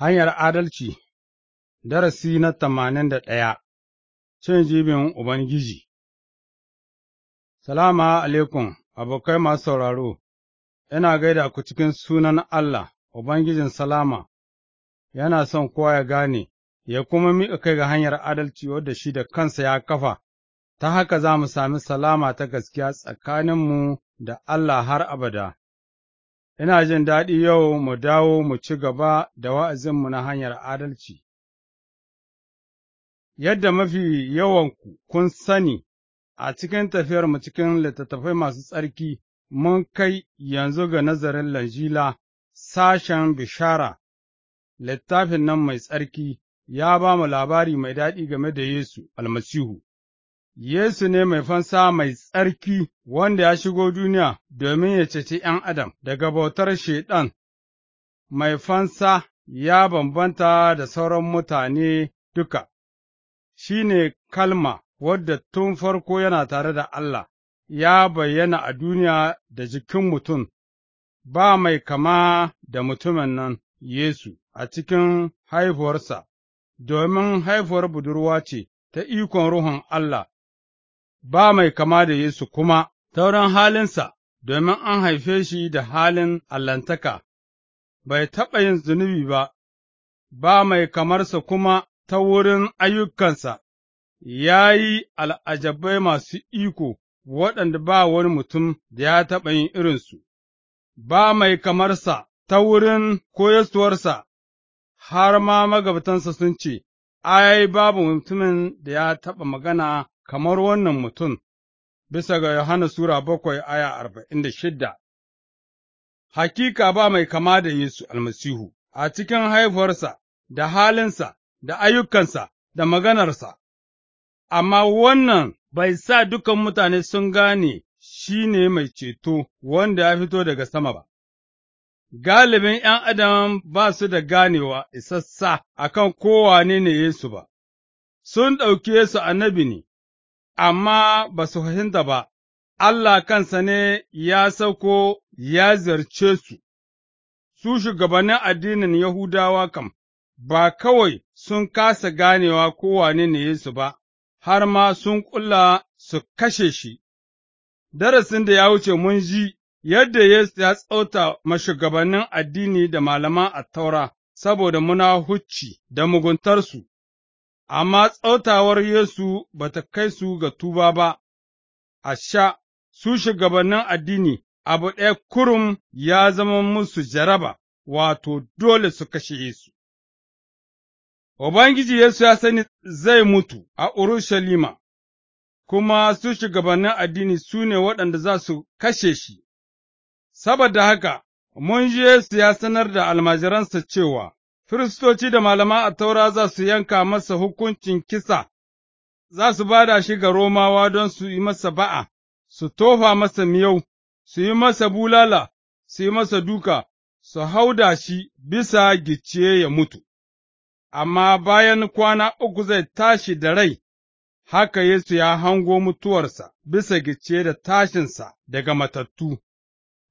Hanyar Adalci Darasi na tamanin da ɗaya Cin jibin Ubangiji Salama alaikum, abokai masu sauraro, ina gaida ku cikin sunan Allah, Ubangijin Salama, yana son kowa ya gane, ya kuma miƙa kai ga hanyar adalci wadda shi da kansa ya kafa, ta haka za mu sami salama ta gaskiya tsakaninmu da Allah har abada. Ina jin daɗi yau mu dawo mu ci gaba da wa'azinmu na hanyar adalci, yadda mafi yawan kun sani a cikin tafiyarmu cikin littattafai masu tsarki mun kai yanzu ga nazarin Lanjila sashen bishara, littafin nan mai tsarki ya ba mu labari mai daɗi game da Yesu almasihu. Yesu ne mai fansa mai tsarki wanda ya shigo duniya domin ya ceci ’yan Adam daga bautar Shaiɗan, mai fansa ya bambanta da sauran mutane duka, shi ne kalma wadda tun farko yana tare da Allah, ya bayyana a duniya da jikin mutum, ba mai kama da mutumin nan Yesu a cikin haifuwarsa, domin haifuwar budurwa ce ta ikon Ruhun Allah. ba mai kama da Yesu kuma tauran halinsa, domin an haife shi da halin allantaka, bai taɓa yin zunubi ba, ba mai kamarsa kuma ta wurin ayyukansa, ya yi al'ajabai masu iko waɗanda ba wani mutum da ya taɓa yin irinsu, ba mai kamarsa ta wurin koyasuwarsa, har ma magabtansa sun ce, Ai, babu mutumin da ya taɓa magana kamar wannan mutum, bisa ga Yohana Sura bakwai aya arba'in da shidda. Hakika ba mai kama da Yesu almasihu a cikin haifarsa da halinsa, da ayyukansa, da maganarsa, amma wannan bai sa dukan mutane sun gane shi ne mai ceto wanda ya fito daga sama ba. Galibin ’yan adam ba su da ganewa isassa a kan kowane ne Yesu ba, sun ɗauki Yesu annabi ne, amma ba su fahimta ba, Allah kansa ne ya sauko ya zarce su, su shugabannin addinin Yahudawa kam, ba kawai sun kasa ganewa wane ne Yesu ba, har ma sun ƙulla su kashe shi. Darasin da ya wuce mun ji yadda Yesu ya tsauta mashugabannin addini da malaman attaura saboda muna hucci da muguntarsu, amma tsautawar Yesu ba ta kai su ga tuba ba, a sha, su shugabannin addini abu ɗaya kurum ya zama musu jaraba, wato dole su kashe Yesu. Ubangiji Yesu ya sani zai mutu a Urushalima, kuma su shugabannin addini su ne waɗanda za su kashe shi, saboda haka mun ji Yesu ya sanar da almajiransa cewa, Firistoci da malaman taura za su yanka masa hukuncin kisa, za su bada shi ga Romawa don su yi masa ba'a, su tofa masa miyau, su yi masa bulala, su yi masa duka, su hau da shi bisa gicciye ya mutu, amma bayan kwana uku zai tashi da rai, haka Yesu ya hango mutuwarsa bisa gicciye da tashinsa daga matattu,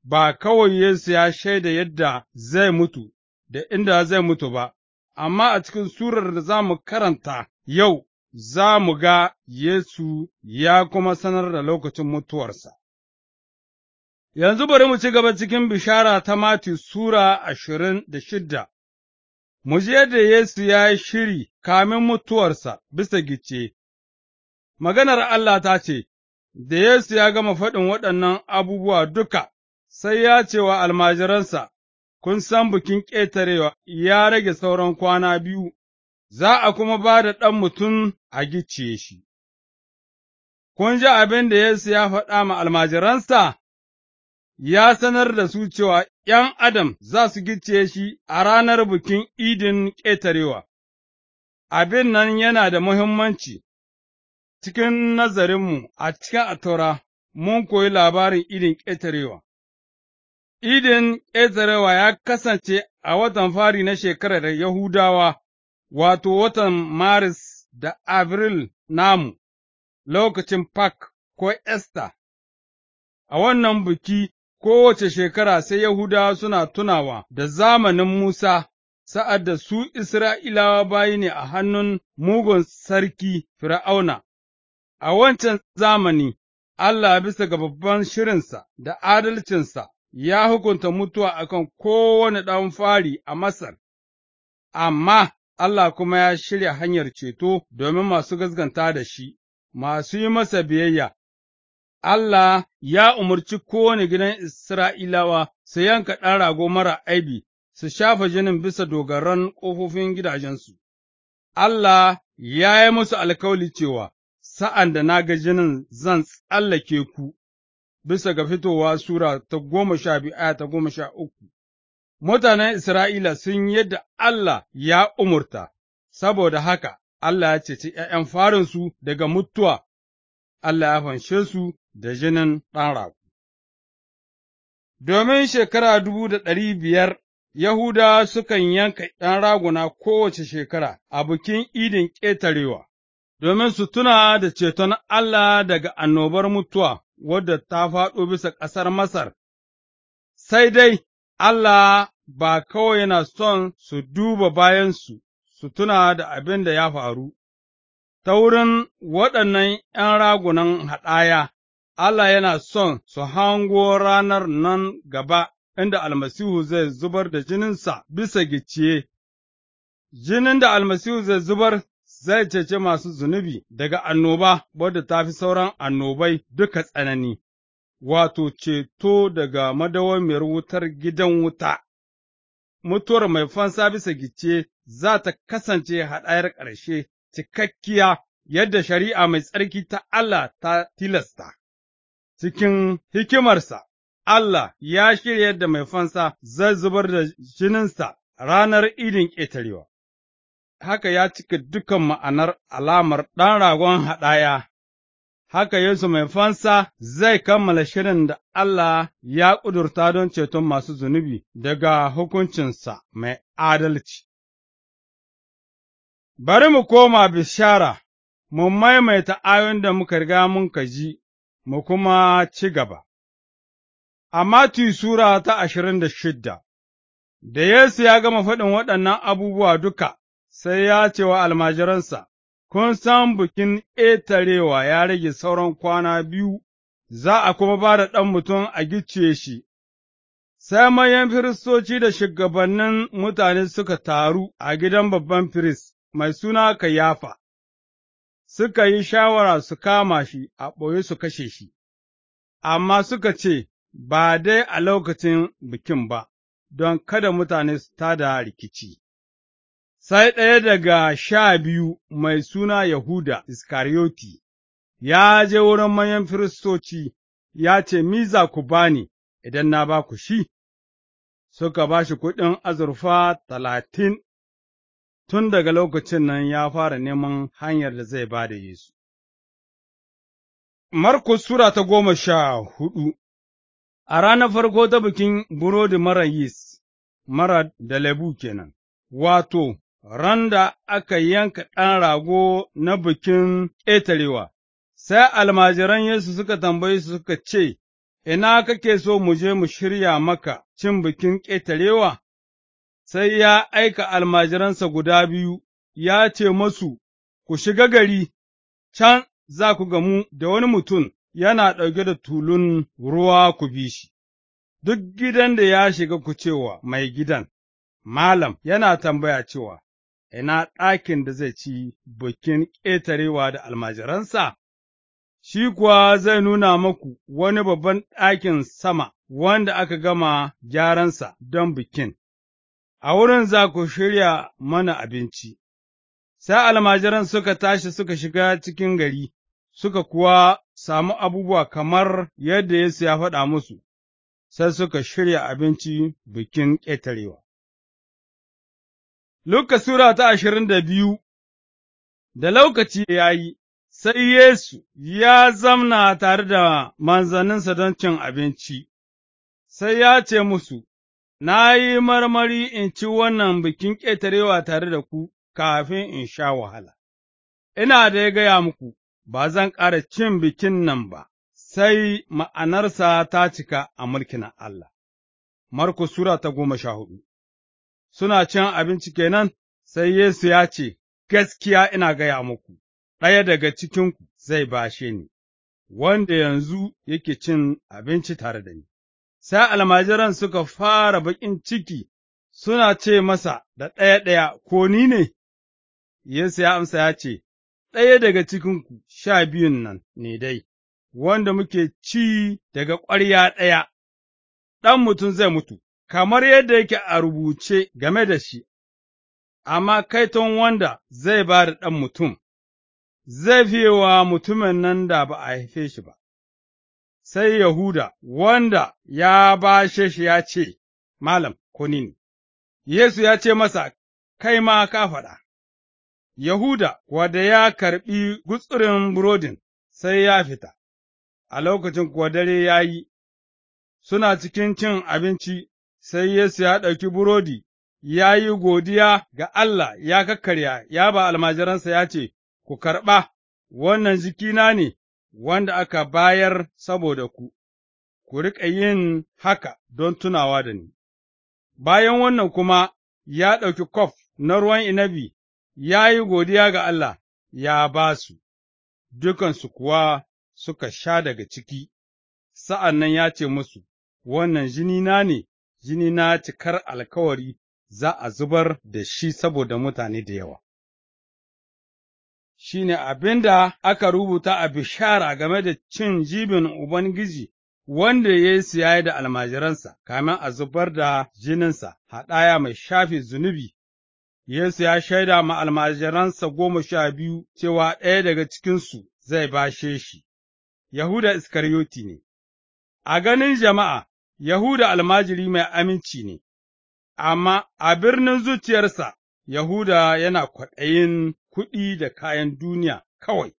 ba kawai Yesu ya shaida yadda zai mutu da inda zai mutu ba, amma a cikin surar da za mu karanta yau za mu ga Yesu ya kuma sanar da lokacin mutuwarsa. Yanzu bari mu ci gaba cikin bishara ta Mati Sura ashirin da shidda, mu je da Yesu ya yi shiri kamin mutuwarsa bisa gice, maganar Allah ta ce, Da Yesu ya gama faɗin waɗannan abubuwa duka, sai ya ce wa almajiransa, kun san bikin ƙetarewa ya rage sauran kwana biyu, za a kuma ba da ɗan mutum a gicciye shi. Kun ji abin da Yesu ya faɗa ma almajiransa, ya sanar da su cewa ’yan Adam za su gicciye shi a ranar bikin idin ƙetarewa, abin nan yana da muhimmanci. Cikin nazarinmu a cikin atora, mun koyi labarin idin ƙetarewa. Idin ƙetarewa ya kasance a watan fari na shekarar Yahudawa, wato watan Maris da Abril namu, lokacin Pak ko Esta. A wannan biki kowace shekara sai Yahudawa suna tunawa da zamanin Musa, sa'ad da su Isra'ilawa bayi ne a hannun mugun sarki Fir'auna. A wancan zamani, Allah bisa ga babban shirinsa da adalcinsa ya hukunta mutuwa a kan kowane ɗan fari a Masar, amma Allah kuma ya shirya hanyar ceto domin masu gaskanta da shi, masu yi masa biyayya. Allah ya umarci kowane gidan Isra'ilawa su yanka ɗan rago mara aibi, su shafa jinin bisa dogaran ƙofofin gidajensu. Allah ya yi musu alkawali cewa, Sa'an da na ga jinin zan tsallake ku bisa ga fitowa Sura ta goma sha biyu ta goma sha uku, mutanen Isra'ila sun yadda Allah ya umurta, saboda haka Allah ya ceci ’ya'yan farinsu daga mutuwa, Allah ya fanshe su da jinin ɗan raku. Domin shekara dubu da ɗari biyar Yahuda sukan yanka ɗan raguna kowace shekara a bikin idin ƙetarewa, domin su tuna da ceton Allah daga annobar mutuwa, wadda ta faɗo bisa ƙasar Masar, sai dai Allah ba kawai yana son su duba bayansu su tuna da abin da ya faru, ta wurin waɗannan ’yan ragunan haɗaya, Allah yana son su hango ranar nan gaba inda almasihu zai zubar da jininsa bisa gicciye. Jinin da almasihu zai zubar zai cece masu zunubi daga annoba wadda ta fi sauran annobai duka tsanani, wato ceto daga madawamiyar wutar gidan wuta. Mutuwar mai fansa bisa gice za ta kasance haɗayar ƙarshe cikakkiya yadda shari'a mai tsarki ta Allah ta tilasta. Cikin hikimarsa, Allah ya shirya yadda mai fansa zai zubar da jininsa ranar idin ƙetarewa. haka ya cika dukan ma'anar alamar ɗan ragon haɗaya, haka Yesu mai fansa zai kammala shirin da Allah ya ƙudurta don ceton masu zunubi daga hukuncinsa mai adalci. Bari mu koma bishara, mu maimaita ayon da muka riga mun kaji mu kuma ci gaba. A Sura ta ashirin da shidda Da Yesu ya gama faɗin waɗannan abubuwa duka, sai ya ce wa almajiransa, Kun san bikin ƙetarewa ya rage sauran kwana biyu, za a kuma ba da ɗan mutum a gicciye shi, sai manyan firistoci da shugabannin mutane suka taru a gidan babban firist mai suna Kayafa, suka yi shawara su kama shi a ɓoye su kashe shi, amma suka ce, Ba dai a lokacin bikin ba, don kada mutane su tada rikici. sai ɗaya daga sha biyu mai suna Yahuda Iskarioti ya je wurin manyan firistoci, ya ce, Miza ku bani idan na ba ku shi, suka ba shi kuɗin azurfa talatin, tun daga lokacin nan ya fara neman hanyar da zai ba da Yesu. Markus Sura ta goma sha hudu A ranar farko ta bikin burodi mara yis, mara da lebu kenan, wato, ran da aka yanka ɗan rago na bikin ƙetarewa, sai almajiran Yesu suka tambayi suka ce, Ina kake so mu je mu shirya maka cin bikin ƙetarewa? Sai ya aika almajiransa guda biyu, ya ce masu, Ku shiga gari, can za ku gamu da wani mutum yana ɗauke da tulun ruwa ku bi shi, duk gidan da ya shiga ku cewa mai gidan, Malam yana tambaya cewa, ina ɗakin da zai ci bikin ƙetarewa da almajiransa, shi kuwa zai nuna muku wani babban ɗakin sama wanda aka gama gyaransa don bikin, a wurin za ku shirya mana abinci. Sai almajiran suka tashi suka shiga cikin gari, suka kuwa samu abubuwa kamar yadda Yesu ya faɗa musu, sai suka shirya abinci bikin ƙetarewa. Luka Sura ta ashirin da biyu Da lokaci ya yi, sai Yesu ya zamna tare da manzanninsa don cin abinci, sai ya ce musu, Na yi marmari in ci wannan bikin ƙetarewa tare da ku kafin in sha wahala, ina da ya gaya muku, ba zan ƙara cin bikin nan ba, sai ma'anarsa ta cika a mulkin Allah. Marko Sura ta goma sha hudu suna cin abinci kenan, sai Yesu ya ce, Gaskiya ina gaya muku, ɗaya daga cikinku zai bashe ni, wanda yanzu yake cin abinci tare da ni. Sai almajiran suka fara baƙin ciki suna ce masa da ɗaya-ɗaya, Ko ni ne? Yesu ya amsa ya ce, Ɗaya daga cikinku sha biyun nan ne dai, wanda muke ci daga ƙwarya ɗaya, ɗan mutum zai mutu, kamar yadda yake a rubuce game da shi, amma kaiton wanda zai ba da ɗan mutum, zai fiye wa mutumin nan da ba a haife shi ba, sai Yahuda wanda ya bashe shi ya ce, Malam, ko ne, Yesu ya ce masa, Kai ma ka faɗa. Yahuda, wanda ya karɓi gutsurin burodin, sai ya fita, a lokacin kuwa dare ya yi, suna cikin cin abinci, sai Yesu ya ɗauki burodi, ya yi godiya ga Allah ya kakkarya, ya ba almajiransa ya ce, Ku karɓa, wannan jikina ne wanda aka bayar saboda ku, ku riƙa yin haka don tunawa da ni. Bayan wannan kuma ya ɗauki kof na ruwan inabi, ya yi godiya ga Allah, ya ba su, dukansu kuwa suka sha daga ciki, sa'an nan ya ce musu, Wannan jinina ne. jini na cikar alkawari za a zubar da shi saboda mutane da yawa. Shi ne abin da aka rubuta a bishara game da cin jibin Ubangiji wanda Yesu ya yi da almajiransa, kamin a zubar da jininsa, haɗaya mai shafe zunubi. Yesu ya shaida ma almajiransa goma sha biyu cewa ɗaya daga cikinsu zai bashe shi, Yahuda Iskariyoti ne. A ganin jama'a, Yahuda almajiri mai aminci ne, amma a birnin zuciyarsa Yahuda yana kwaɗayin kuɗi da kayan duniya kawai,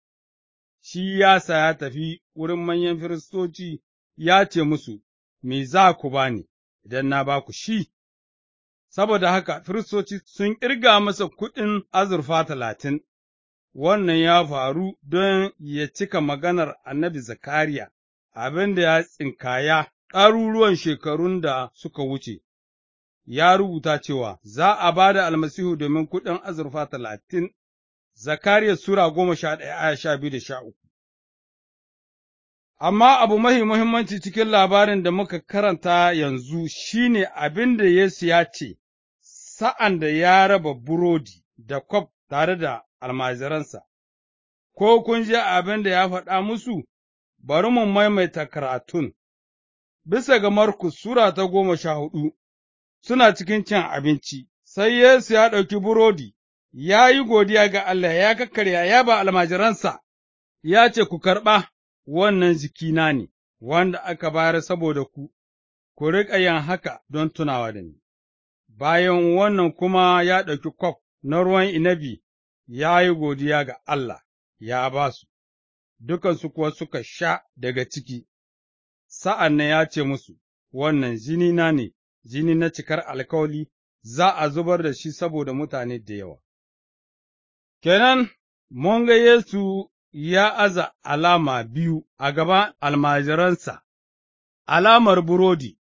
shi ya saya tafi wurin manyan firistoci ya ce musu, Me za ku ba ni idan na ba ku shi? Saboda haka firistoci sun ƙirga masa kuɗin azurfa talatin, wannan ya faru don ya cika maganar annabi Zakariya, abin da ya tsinkaya Ƙaruruwan shekarun da suka wuce, ya rubuta cewa za a ba da almasihu domin kuɗin azurfa talatin, Zakariya Sura goma sha ɗaya aya sha biyu da sha uku. Amma abu mahi muhimmanci cikin labarin da muka karanta yanzu shi ne abin da Yesu ya ce, sa'an da ya raba burodi da kwaf tare da almajiransa, ko kun ji abin da ya faɗa musu, bari mu maimaita karatun. bisa ga Markus Sura ta goma sha hudu, suna cikin cin abinci, sai Yesu ya ɗauki burodi, ya yi godiya ga Allah, ya kakkarya, ya ba almajiransa, ya ce, Ku karɓa, wannan jikina ne, wanda aka bayar saboda ku, ku riƙa yin haka don tunawa da ni. Bayan wannan kuma ya ɗauki kwaf na ruwan inabi, ya yi godiya ga Allah, ya ba su, dukansu kuwa suka sha daga ciki. Sa'an nan ya ce musu, Wannan jinina ne, jini na cikar alkawali, za a zubar da shi saboda mutane da yawa. Kenan, mun ga Yesu ya aza alama biyu a gaban almajiransa, alamar burodi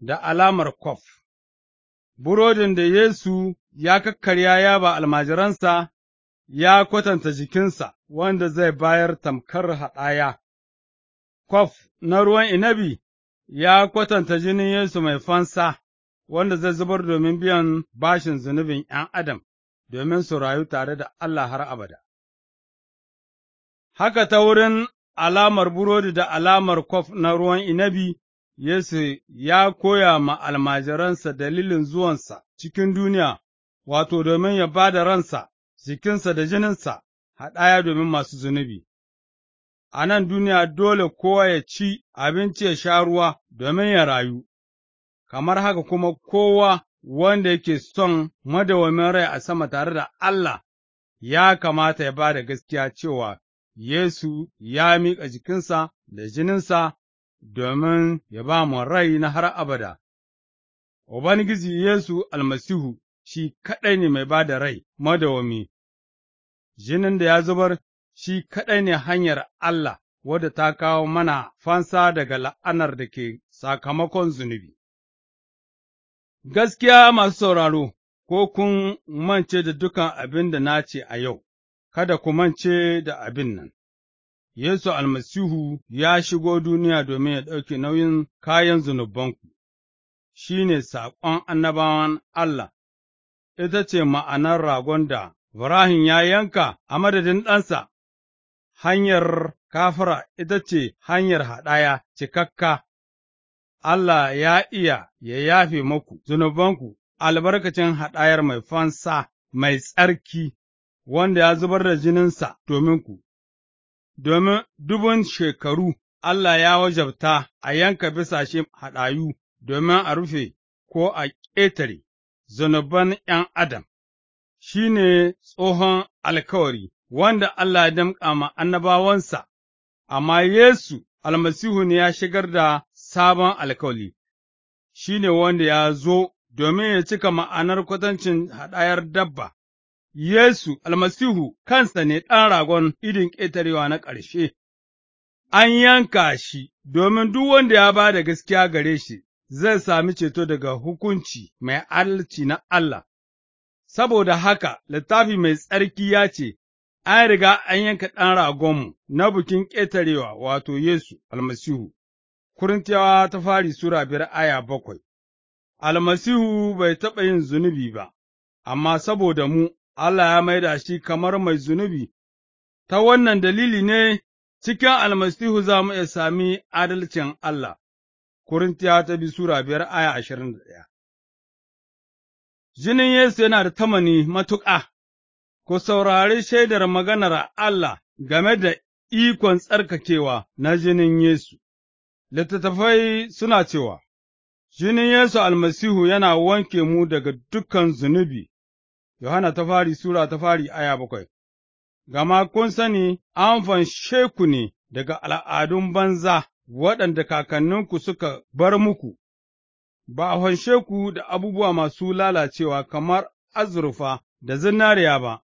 da alamar kwaf. Burodin da Yesu ya kakkarya ya ba almajiransa ya kwatanta jikinsa wanda zai bayar tamkar haɗaya, kwaf na ruwan inabi ya kwatanta jinin Yesu mai fansa, wanda zai zubar domin biyan bashin zunubin ’yan Adam, domin su rayu tare da Allah har abada. Haka ta wurin alamar burodi da alamar kwaf na ruwan inabi, Yesu ya koya ma almajiransa dalilin zuwansa cikin duniya, wato, domin ya ba da ransa, jikinsa da jininsa, haɗaya domin masu zunubi. a nan duniya dole kowa ya ci abinci ya sha ruwa domin ya rayu, kamar haka kuma kowa wanda yake son madawamin rai a sama tare da Allah ya kamata ya ba da gaskiya cewa Yesu ya miƙa jikinsa da jininsa domin ya ba mu rai na har abada. Ubangiji Yesu almasihu shi kaɗai ne mai ba da rai madawami, jinin da ya zubar shi kaɗai ne hanyar Allah wadda ta kawo mana fansa daga la'anar da ke sakamakon zunubi. Gaskiya masu sauraro, ko kun mance da dukan abin da na ce a yau, kada ku mance da abin nan. Yesu almasihu ya shigo duniya domin ya ɗauke nauyin kayan zunubanku, shi ne saƙon annabawan Allah, ita ce ma'anar ragon da Ibrahim ya yanka a madadin ɗansa. hanyar kafara ita ce hanyar haɗaya cikakka, Allah ya iya ya yafe maku zunubanku albarkacin haɗayar mai fansa mai tsarki wanda ya zubar da jininsa dominku, domin dubun shekaru Allah ya wajabta a yanka bisa shi haɗayu domin a rufe ko a ƙetare zunuban ’yan Adam, shi ne tsohon alkawari wanda Allah ya damƙa ma annabawansa, amma Yesu almasihu ne ya shigar da sabon alkawali, shi ne wanda ya zo domin ya cika ma'anar kwatancin haɗayar dabba. Yesu almasihu kansa ne ɗan ragon idin ƙetarewa na ƙarshe, an yanka shi domin duk wanda ya ba da gaskiya gare shi zai sami ceto daga hukunci mai adalci na Allah, saboda haka littafi mai tsarki ya ce, an riga an yanka ɗan ragonmu na bikin ƙetarewa wato Yesu almasihu, Kurintiyawa ta fari Sura biyar aya bakwai, almasihu bai taɓa yin zunubi ba, amma saboda mu Allah ya maida shi kamar mai zunubi, ta wannan dalili ne cikin almasihu za mu iya sami adalcin Allah, Kurintiyawa ta bi Sura biyar aya ashirin da ɗaya. Jinin Yesu yana da tamani matuƙa. ku saurari shaidar maganar Allah game da ikon tsarkakewa na jinin Yesu. Littattafai suna cewa, Jinin Yesu almasihu yana wanke mu daga dukan zunubi, Yohana ta fari Sura ta fari aya bakwai, gama kun sani an fanshe ku ne daga al'adun banza waɗanda kakanninku suka bar muku, ba a fanshe ku da abubuwa masu lalacewa kamar azurfa da zinariya ba,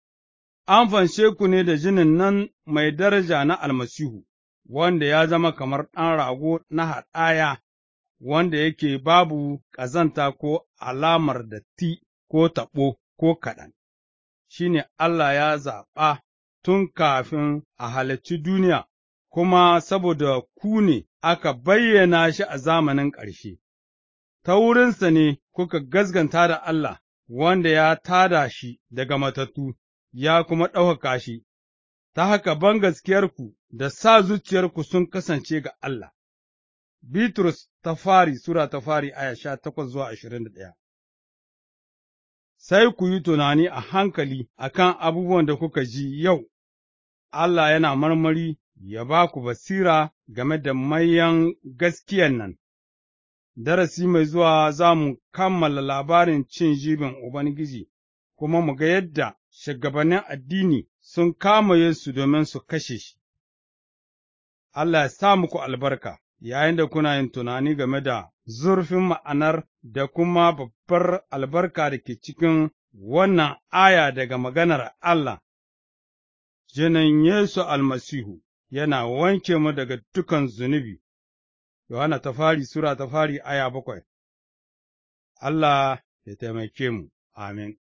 an fanshe ku ne da jinin nan mai daraja na almasihu, wanda ya zama kamar ɗan rago na haɗaya, wanda yake babu ƙazanta ko alamar datti ko taɓo ko kaɗan, shi ne Allah ya zaɓa tun kafin a halarci duniya, kuma saboda ku ne aka bayyana shi a zamanin ƙarshe, ta wurinsa ne kuka gaskanta da Allah, wanda ya tada shi daga matattu. ya kuma ɗaukaka shi, ta haka ban bangaskiyarku da sa zuciyarku sun kasance ga Allah. Bitrus ta fari Sura ta fari aya sha takwas zuwa ashirin da ɗaya Sai ku yi tunani a hankali a kan abubuwan da kuka ji yau, Allah yana marmari ya ba ku basira game da mayan gaskiyan nan. Darasi mai zuwa za mu kammala labarin cin jibin Ubangiji, kuma mu ga yadda shugabannin addini sun kama Yesu domin su kashe shi. Allah ya sa muku albarka yayin da kuna yin tunani game da zurfin ma'anar da kuma babbar albarka da ke cikin wannan aya daga maganar Allah. Jinin Yesu almasihu yana wanke mu daga dukan zunubi, Yohana ta fari Sura ta fari aya bakwai. Allah ya taimake mu, amin.